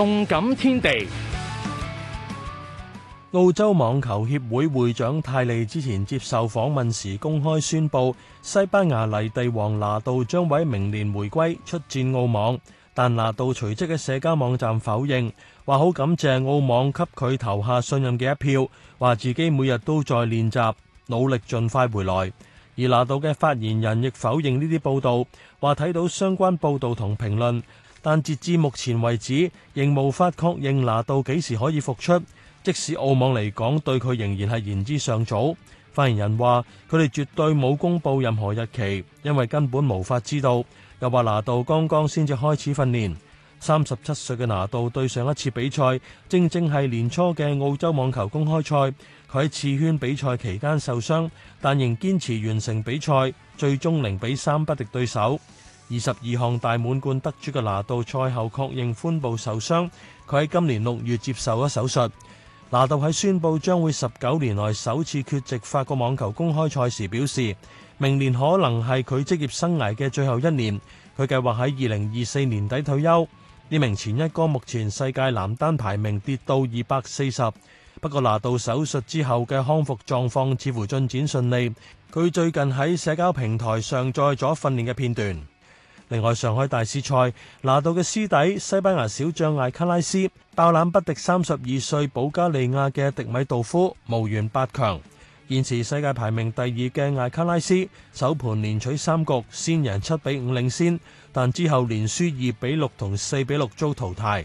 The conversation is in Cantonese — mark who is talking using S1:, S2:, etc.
S1: 動感天地。澳洲網球協會會長泰利之前接受訪問時公開宣布，西班牙泥地王拿度將會明年回歸出戰澳網，但拿度隨即嘅社交網站否認，話好感謝澳網給佢投下信任嘅一票，話自己每日都在練習，努力盡快回來。而拿度嘅發言人亦否認呢啲報道，話睇到相關報道同評論。但截至目前為止，仍無法確認拿度幾時可以復出。即使澳網嚟講，對佢仍然係言之尚早。發言人話，佢哋絕對冇公佈任何日期，因為根本無法知道。又話拿度剛剛先至開始訓練，三十七歲嘅拿度對上一次比賽，正正係年初嘅澳洲網球公開賽，佢喺次圈比賽期間受傷，但仍堅持完成比賽，最終零比三不敵對手。二十二項大滿貫得主嘅拿度賽後確認寬部受傷，佢喺今年六月接受咗手術。拿度喺宣布將會十九年來首次缺席法國網球公開賽時表示，明年可能係佢職業生涯嘅最後一年。佢計劃喺二零二四年底退休。呢名前一哥目前世界男單排名跌到二百四十，不過拿度手術之後嘅康復狀況似乎進展順利。佢最近喺社交平台上載咗訓練嘅片段。另外，上海大師賽，拿度嘅師弟，西班牙小將艾卡拉斯爆冷不敵三十二歲保加利亞嘅迪米道夫，無緣八強。現時世界排名第二嘅艾卡拉斯首盤連取三局，先贏七比五領先，但之後連輸二比六同四比六遭淘汰。